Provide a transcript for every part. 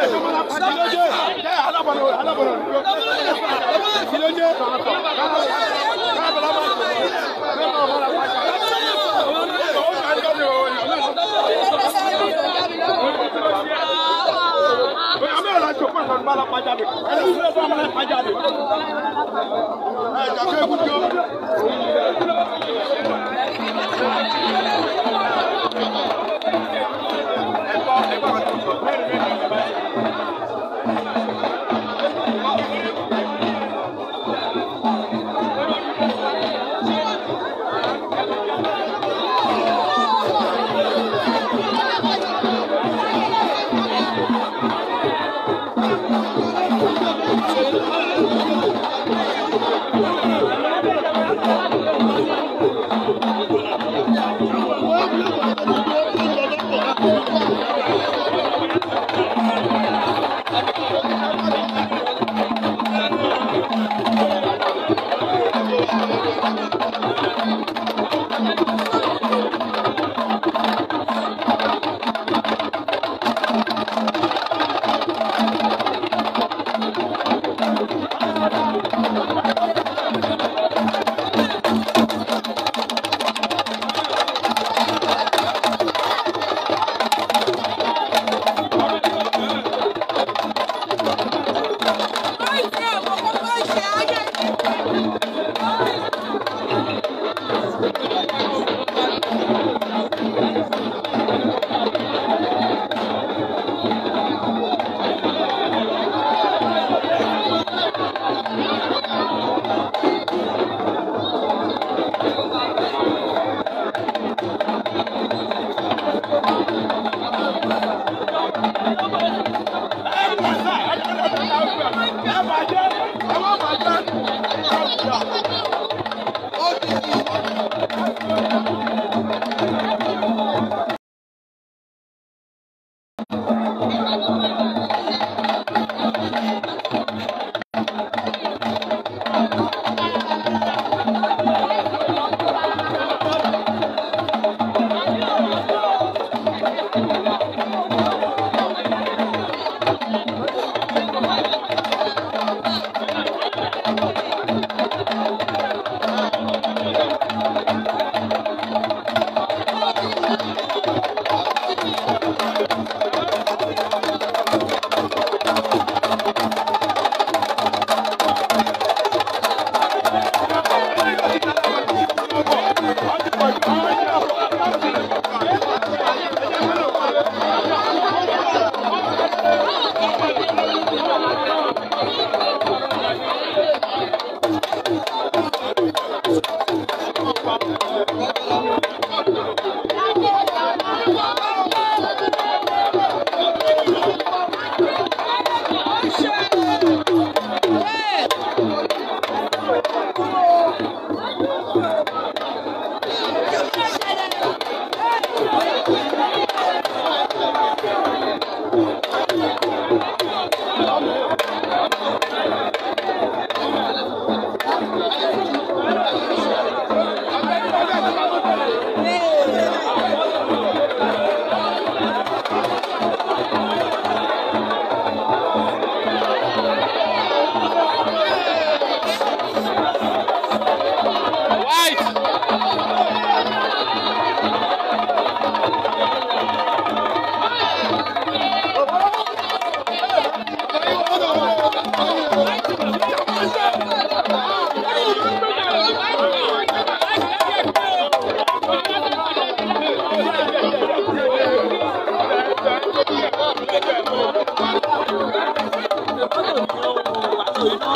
Ẹ jàpé kúndó. Thank you. Thank you. àbàjẹ́ ẹ má bàjẹ́.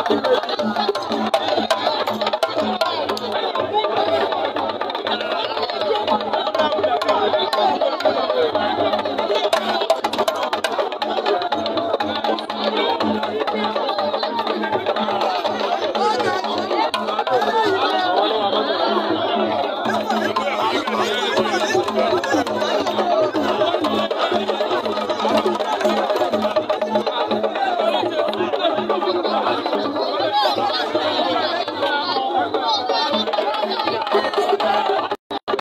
Thank you.